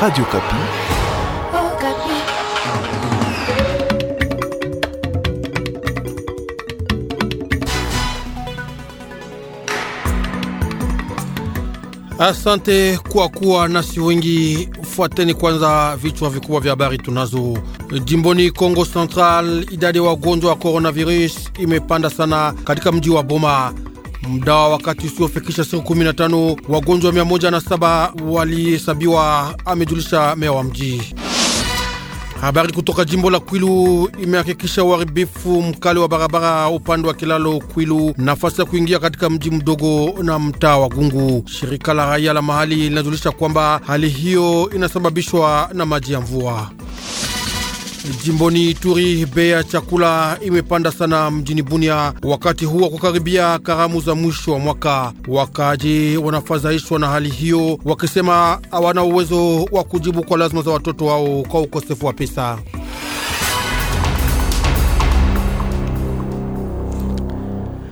Radio Kapi. Oh, Kapi. Asante kwa kuwa nasi wengi. Fuateni kwanza vichwa vikubwa vya habari tunazo. Jimboni Kongo Central, idadi ya wagonjwa wa coronavirus imepanda sana katika mji wa Boma. Muda wa wakati usiofikisha siku 15 wagonjwa 107 walihesabiwa, amejulisha meya wa mji. Habari kutoka jimbo la Kwilu imehakikisha uharibifu mkali wa barabara upande wa kilalo Kwilu, nafasi ya kuingia katika mji mdogo na mtaa wa Gungu. Shirika la raia la mahali linajulisha kwamba hali hiyo inasababishwa na maji ya mvua. Jimboni Ituri, bei ya chakula imepanda sana mjini Bunia wakati huu wa kukaribia karamu za mwisho wa mwaka. Wakaaji wanafadhaishwa na hali hiyo, wakisema hawana uwezo wa kujibu kwa lazima za watoto wao kwa ukosefu wa pesa.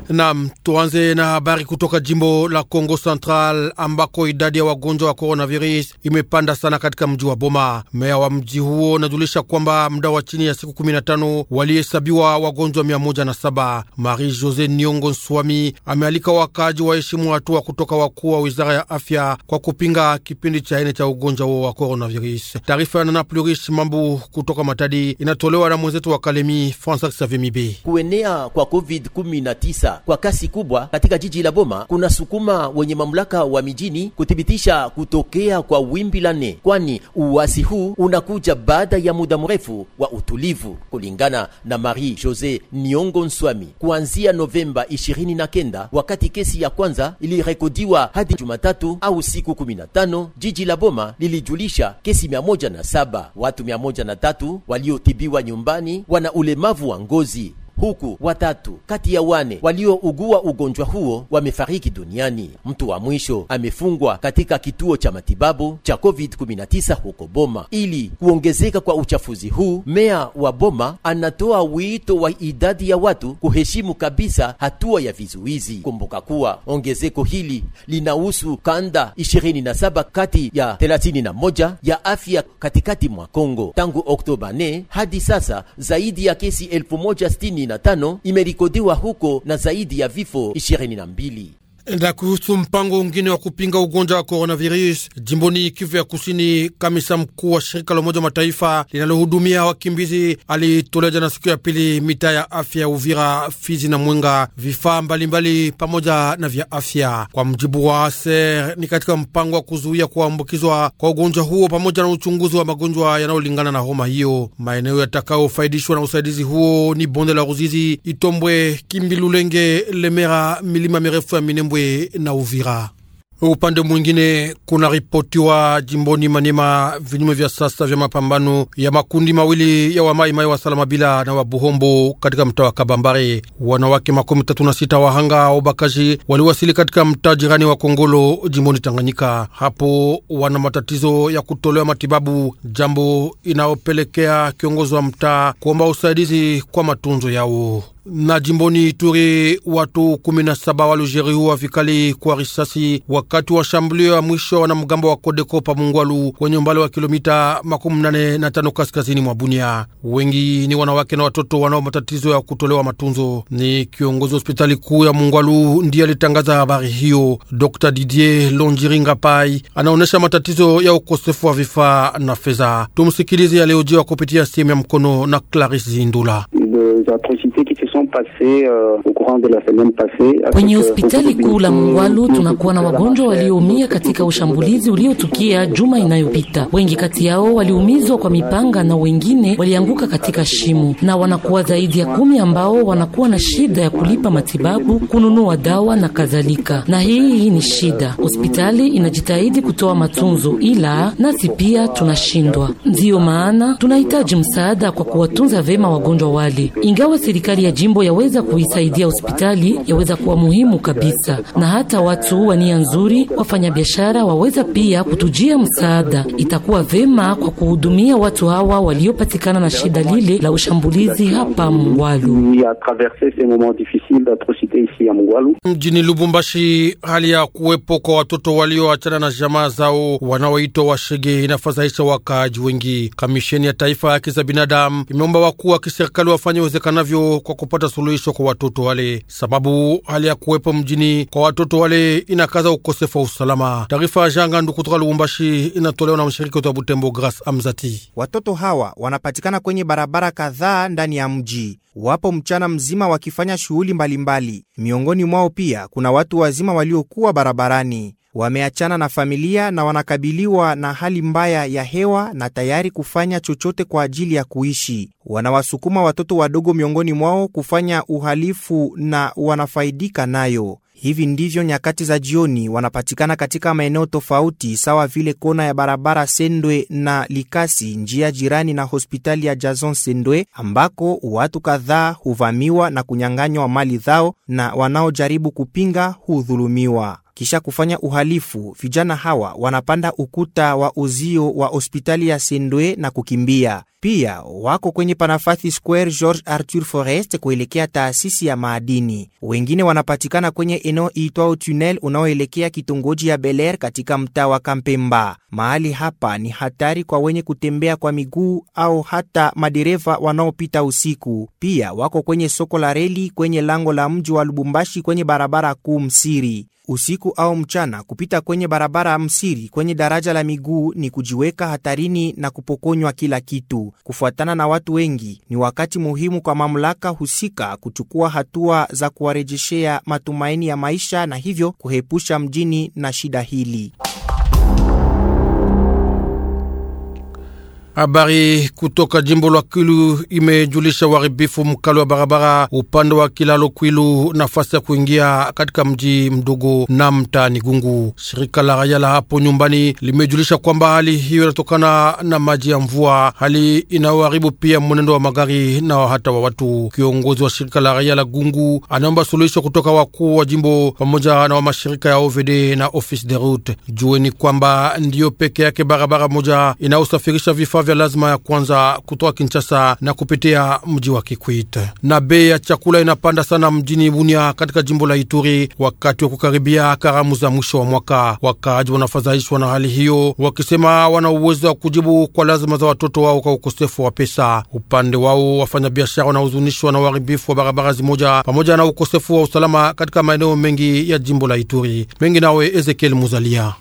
Nam, tuanze na habari kutoka jimbo la congo Central ambako idadi ya wagonjwa wa coronavirus imepanda sana katika mji wa Boma. Meya wa mji huo unajulisha kwamba muda wa chini ya siku 15 walihesabiwa wagonjwa 107. Marie Jose Niongo Nswami amealika wakaaji waheshimu hatua kutoka wakuu wa wizara ya afya kwa kupinga kipindi cha ene cha ugonjwa huo wa coronavirus. Taarifa ya Nana Plurish Mambu kutoka Matadi inatolewa na mwenzetu wa Kalemi Francis Savimibe. Kuenea kwa COVID-19 kwa kasi kubwa katika jiji la Boma kuna sukuma wenye mamlaka wa mijini kuthibitisha kutokea kwa wimbi la nne, kwani uwasi huu unakuja baada ya muda mrefu wa utulivu. Kulingana na Marie Jose Niongo Nswami, kuanzia Novemba 29 wakati kesi ya kwanza ilirekodiwa hadi Jumatatu au siku 15, jiji la Boma lilijulisha kesi 107, watu 103 waliotibiwa nyumbani wana ulemavu wa ngozi huku watatu kati ya wane waliougua ugonjwa huo wamefariki duniani. Mtu wa mwisho amefungwa katika kituo cha matibabu cha COVID-19 huko Boma. Ili kuongezeka kwa uchafuzi huu, meya wa Boma anatoa wito wa idadi ya watu kuheshimu kabisa hatua ya vizuizi. Kumbuka kuwa ongezeko hili linahusu kanda 27 kati ya 31 ya afya katikati mwa Kongo. Tangu Oktoba 4 hadi sasa zaidi ya kesi 1060 25 imerikodiwa huko na zaidi ya vifo 22. Na kuhusu mpango mwingine wa kupinga ugonjwa wa coronavirus jimboni Kivu ya Kusini, kamisa mkuu wa shirika la Umoja wa Mataifa linalohudumia wakimbizi alitolea jana siku ya pili mitaa ya afya ya Uvira, Fizi na Mwenga vifaa mbalimbali pamoja na vya afya. Kwa mjibu wa ASER, ni katika mpango wa kuzuia kuambukizwa kwa ugonjwa huo pamoja na uchunguzi wa magonjwa yanayolingana na homa hiyo. Maeneo yatakayofaidishwa na usaidizi huo ni bonde la Ruzizi, Itombwe, Kimbi, Lulenge, Lemera, milima mirefu ya Minembu Karagwe na Uvira. Upande mwingine kuna ripotiwa jimboni Manema vinyume vya sasa vya mapambano ya makundi mawili ya wamaimai wa Salamabila na Wabuhombo katika mtaa wa Kabambare. Wanawake makumi tatu na sita wahanga wa ubakaji waliwasili katika mtaa jirani wa Kongolo jimboni Tanganyika. Hapo wana matatizo ya kutolewa matibabu, jambo inayopelekea kiongozi wa mtaa kuomba usaidizi kwa matunzo yao na jimboni Ituri watu kumi na saba walijeruhiwa vikali kwa risasi wakati wa shambulio ya mwisho mgambo wa Kodeko pa Mungwalu kwenye umbali wa kilomita makumi nane na tano kaskazini mwa Bunia. Wengi ni wanawake na watoto wanao matatizo ya kutolewa matunzo. Ni kiongozi hospitali kuu ya Mungwalu ndiye alitangaza habari hiyo. Dr Didier Longiringa Pai anaonyesha matatizo ya ukosefu wa vifaa na fedha. Tumsikilize aliyojiwa kupitia simu ya mkono na Clarisse Zindula des atrocités qui se sont passées euh, au courant de la semaine passée. Kwenye euh, hospitali kuu la Mungwalu tunakuwa na wagonjwa walioumia katika ushambulizi uliotukia juma inayopita. Wengi kati yao waliumizwa kwa mipanga na wengine walianguka katika shimo, na wanakuwa zaidi ya kumi ambao wanakuwa na shida ya kulipa matibabu, kununua dawa na kadhalika. Na hii hii ni shida. Hospitali inajitahidi kutoa matunzo, ila nasi pia tunashindwa. Ndiyo maana tunahitaji msaada kwa kuwatunza vema wagonjwa wale hospitali. Ingawa serikali ya jimbo yaweza kuisaidia hospitali, yaweza kuwa muhimu kabisa, na hata watu wa nia nzuri, wafanyabiashara waweza pia kutujia msaada. Itakuwa vema kwa kuhudumia watu hawa waliopatikana na shida lile la ushambulizi hapa Mgwalu. Mjini Lubumbashi, hali ya kuwepo kwa watoto walioachana na jamaa zao wanaoitwa washege inafadhaisha wakaaji wengi. Kamisheni ya Taifa ya Haki za Binadamu imeomba wakuu wa kiserikali ifanye uwezekanavyo kwa kupata suluhisho kwa watoto wale, sababu hali ya kuwepo mjini kwa watoto wale inakaza ukosefu wa usalama. Taarifa ya janga nduku kutoka Lubumbashi inatolewa na mshiriki wetu wa Butembo, Grace Amzati. Watoto hawa wanapatikana kwenye barabara kadhaa ndani ya mji, wapo mchana mzima wakifanya shughuli mbalimbali. Miongoni mwao pia kuna watu wazima waliokuwa barabarani wameachana na familia na wanakabiliwa na hali mbaya ya hewa na tayari kufanya chochote kwa ajili ya kuishi. Wanawasukuma watoto wadogo miongoni mwao kufanya uhalifu na wanafaidika nayo. Hivi ndivyo nyakati za jioni wanapatikana katika maeneo tofauti sawa vile kona ya barabara Sendwe na Likasi, njia jirani na hospitali ya Jason Sendwe, ambako watu kadhaa huvamiwa na kunyang'anywa mali zao na wanaojaribu kupinga hudhulumiwa kisha kufanya uhalifu, vijana hawa wanapanda ukuta wa uzio wa hospitali ya Sendwe na kukimbia. Pia wako kwenye Panafathi Square George Arthur Forest kuelekea taasisi ya maadini. Wengine wanapatikana kwenye eneo iitwao tunnel unaoelekea kitongoji ya Beler katika mtaa wa Kampemba. Mahali hapa ni hatari kwa wenye kutembea kwa miguu au hata madereva wanaopita usiku. Pia wako kwenye soko la reli kwenye lango la mji wa Lubumbashi kwenye barabara kuu Msiri usiku au mchana. Kupita kwenye barabara ya msiri kwenye daraja la miguu ni kujiweka hatarini na kupokonywa kila kitu. Kufuatana na watu wengi, ni wakati muhimu kwa mamlaka husika kuchukua hatua za kuwarejeshea matumaini ya maisha na hivyo kuhepusha mjini na shida hili. Habari kutoka jimbo la Kwilu imejulisha uharibifu mkali wa barabara upande wa kilalo Kwilu, nafasi ya kuingia katika mji mdogo na mtaani Gungu. Shirika la raia la hapo nyumbani limejulisha kwamba hali hiyo inatokana na maji ya mvua, hali inayoharibu pia mwenendo wa magari na hata wa watu. Kiongozi wa shirika la raia la Gungu anaomba suluhisho kutoka wakuu wa jimbo pamoja na wa mashirika ya OVD na Office de Route. Jueni kwamba ndiyo peke yake barabara moja inayosafirisha vifaa vya lazima ya kwanza kutoka Kinshasa na kupitia mji wa Kikwit. Na bei ya chakula inapanda sana mjini Bunia katika jimbo la Ituri wakati wa kukaribia karamu za mwisho wa mwaka. Wakaaji wanafadhaishwa na hali hiyo, wakisema wana uwezo wa kujibu kwa lazima za watoto wao kwa ukosefu wa pesa. Upande wao wafanyabiashara wanahuzunishwa na uharibifu wa barabara zimoja pamoja na ukosefu wa usalama katika maeneo mengi ya jimbo la Ituri. Mengi nawe Ezekiel Muzalia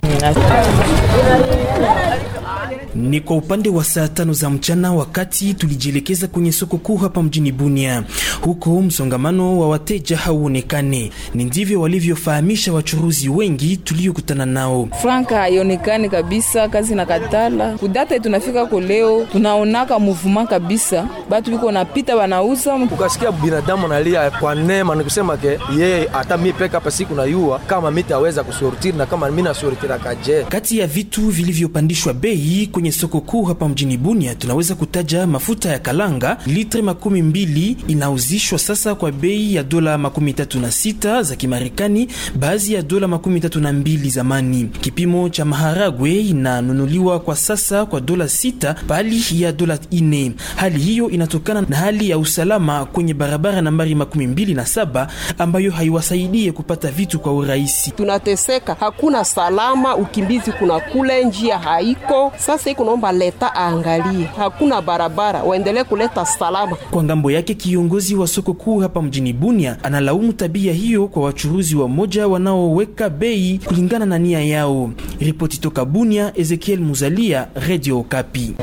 ni kwa upande wa saa tano za mchana, wakati tulijielekeza kwenye soko kuu hapa mjini Bunia. Huko msongamano wa wateja hauonekane, ni ndivyo walivyofahamisha wachuruzi wengi tuliokutana nao. Franka haionekani kabisa, kazi na katala kudata tunafika ko leo tunaonaka muvuma kabisa, batu biko napita wanauza, ukasikia binadamu analia kwa nema, nikusema ke yeye hata mi peka hapa siku nayua kama aweza kusortiri na kama mi nasortirakaje. Kati ya vitu vilivyopandishwa bei kwenye soko kuu hapa mjini Bunia tunaweza kutaja mafuta ya kalanga litre makumi mbili inauzishwa sasa kwa bei ya dola makumi tatu na sita za Kimarekani, baadhi ya dola makumi tatu na mbili zamani. Kipimo cha maharagwe inanunuliwa kwa sasa kwa dola sita pahali ya dola ine. Hali hiyo inatokana na hali ya usalama kwenye barabara nambari makumi mbili na saba ambayo haiwasaidie kupata vitu kwa urahisi. Tunateseka, hakuna salama, ukimbizi kuna kule, njia haiko sasa iko naomba leta aangalie, hakuna barabara, waendelee kuleta salama. Kwa ngambo yake, kiongozi wa soko kuu hapa mjini Bunia analaumu tabia hiyo kwa wachuruzi wa moja wanaoweka bei kulingana na nia yao. Ripoti toka Bunia, Ezekiel Muzalia, Radio Kapi.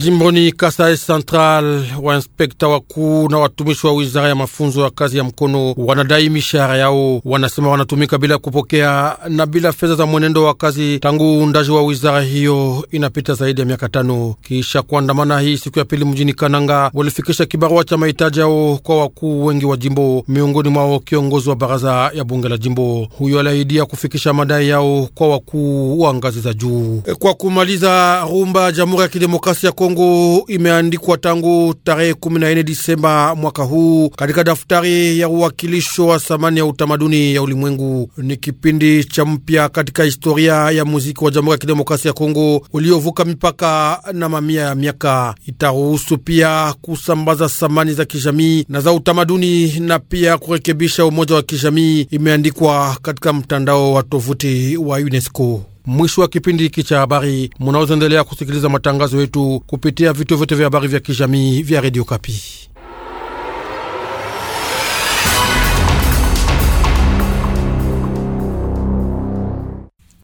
Jimboni Kasai Central, wainspekta wakuu na watumishi wa wizara ya mafunzo ya kazi ya mkono wanadai mishahara yao. Wanasema wanatumika bila kupokea na bila fedha za mwenendo wa kazi tangu undaji wa wizara hiyo inapita zaidi ya miaka tano. Kisha kuandamana hii siku ya pili mjini Kananga, walifikisha kibarua cha mahitaji yao kwa wakuu wengi wa jimbo, miongoni mwao kiongozi wa baraza ya bunge la jimbo. Huyo aliahidia kufikisha madai yao kwa wakuu wa ngazi za juu. Kwa kumaliza rumba Jamhuri ya Kidemokrasia ya Kongo Kongo imeandikwa tangu tarehe 14 Disemba mwaka huu katika daftari ya uwakilisho wa thamani ya utamaduni ya ulimwengu. Ni kipindi cha mpya katika historia ya muziki wa Jamhuri ya Kidemokrasia ya Kongo uliovuka mipaka na mamia ya miaka. Itaruhusu pia kusambaza thamani za kijamii na za utamaduni na pia kurekebisha umoja wa kijamii, imeandikwa katika mtandao wa tovuti wa UNESCO. Mwisho wa kipindi hiki cha habari, munaozendelea kusikiliza matangazo yetu kupitia vituo vyote vya habari vya kijamii vya redio Kapi.